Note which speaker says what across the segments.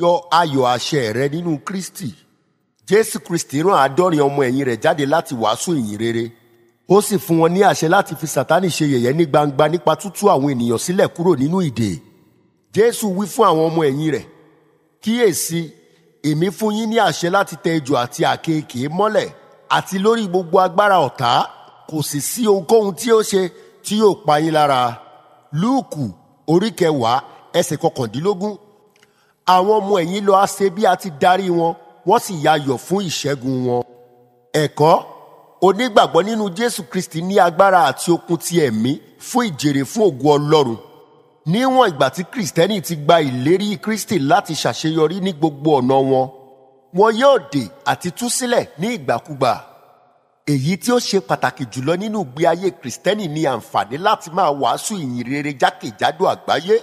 Speaker 1: yọ ayọ̀ àṣẹ rẹ nínú Kristi Jésù Kristi rán àádọ́rin ọmọ ẹ̀yìn rẹ̀ jáde láti wàásù ìyìn rere ó sì fún wọn ní àṣẹ láti fi Sátánì ṣe yẹ̀yẹ́ ní gbangba nípa tútú àwọn ènìyàn sílẹ̀ kúrò nínú ìdè Jésù wí fún àwọn ọmọ ẹ̀yìn rẹ̀ kíyèsí èmi fún yín ní àṣẹ láti tẹ ejò àti àkekèé mọ́lẹ̀ àti lórí gbogbo agbára ọ̀tá kò sì sí ohunkóhun tí ó ṣe tí yóò pa yín lára lúùkù orí ẹsẹ̀ kọkàndínlógún àwọn ọmọ ẹ̀yìn lọ á ṣe bí a ti darí wọn wọ́n sì yayọ̀ fún ìṣẹ́gun wọn. ẹ̀kọ́ onígbàgbọ́ nínú Jésù Kristi ní agbára àti okun ti ẹ̀mí fún ìjèrè fún ògo Ọlọ́run níwọ̀n ìgbà tí Kristẹni ti gba ìlérí Kristi láti ṣàṣeyọrí ní gbogbo ọ̀nà wọn wọn yóò dè àti tú sílẹ̀ ní ìgbàkúgbà èyí tí ó ṣe pàtàkì jùlọ nínú ìgbé ayé Kristẹni ni àǹfààní láti máa wàásù ìyìn rere jákèjádò àgbáyé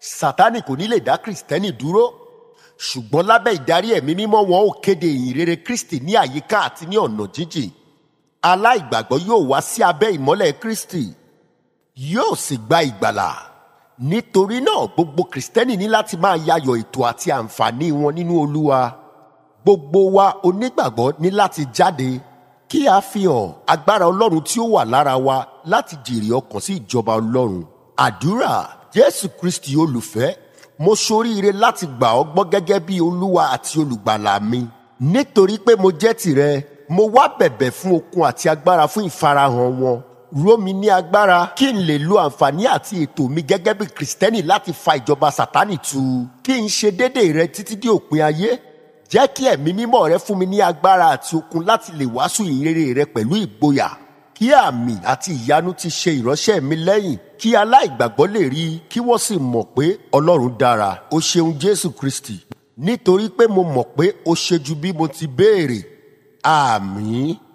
Speaker 1: sátánì kò ní lè dá kristẹni dúró ṣùgbọ́n lábẹ́ ìdarí ẹ̀mí mímọ́ wọn ó kéde ìyìn kristi ní àyíká àti ní ọ̀nà jíjìn aláìgbàgbọ́ yóò wá sí abẹ́ ìmọ́lẹ̀ kristi yóò sì gba ìgbàlà nítorí náà gbogbo kristẹni ní láti máa yayọ̀ ètò àti àǹfààní wọn nínú olúwa gbogbo wa onígbàgbọ́ ní láti jáde kí a fi hàn agbára ọlọ́run tí ó wà lára wa láti jèrè ọkàn sí ìjọba ọlọ́run àdúrà jésù kristi olùfẹ́ mo ṣoríire láti gbà ọ́ gbọ́ gẹ́gẹ́ bí olúwa àti olùgbàlà mi nítorí pé mo jẹ́ tìrẹ mo wá bẹ̀bẹ̀ fún okun àti agbára fún ìfarahàn wọn ró ní agbára kí n lè lo àǹfààní àti ètò mi gẹ́gẹ́ bí kìrìsìtẹ́nì láti fa ìjọba sátánì tu kí n ṣe déédéé rẹ títí dé òpin ayé jẹ́ kí ẹ̀mí mímọ́ rẹ fún mi ní agbára àti okun láti lè wàásù ìrere rẹ pẹ̀lú ìgboyà kí àmì àti ìyanu ti ṣe ìránṣẹ́ mi lẹ́yìn kí aláìgbàgbọ́ lè rí i kí wọ́n sì mọ̀ pé ọlọ́run dára o ṣeun jésù kristi nítorí pé mo mọ̀ pé o ṣe ju bí mo ti béèrè àmín.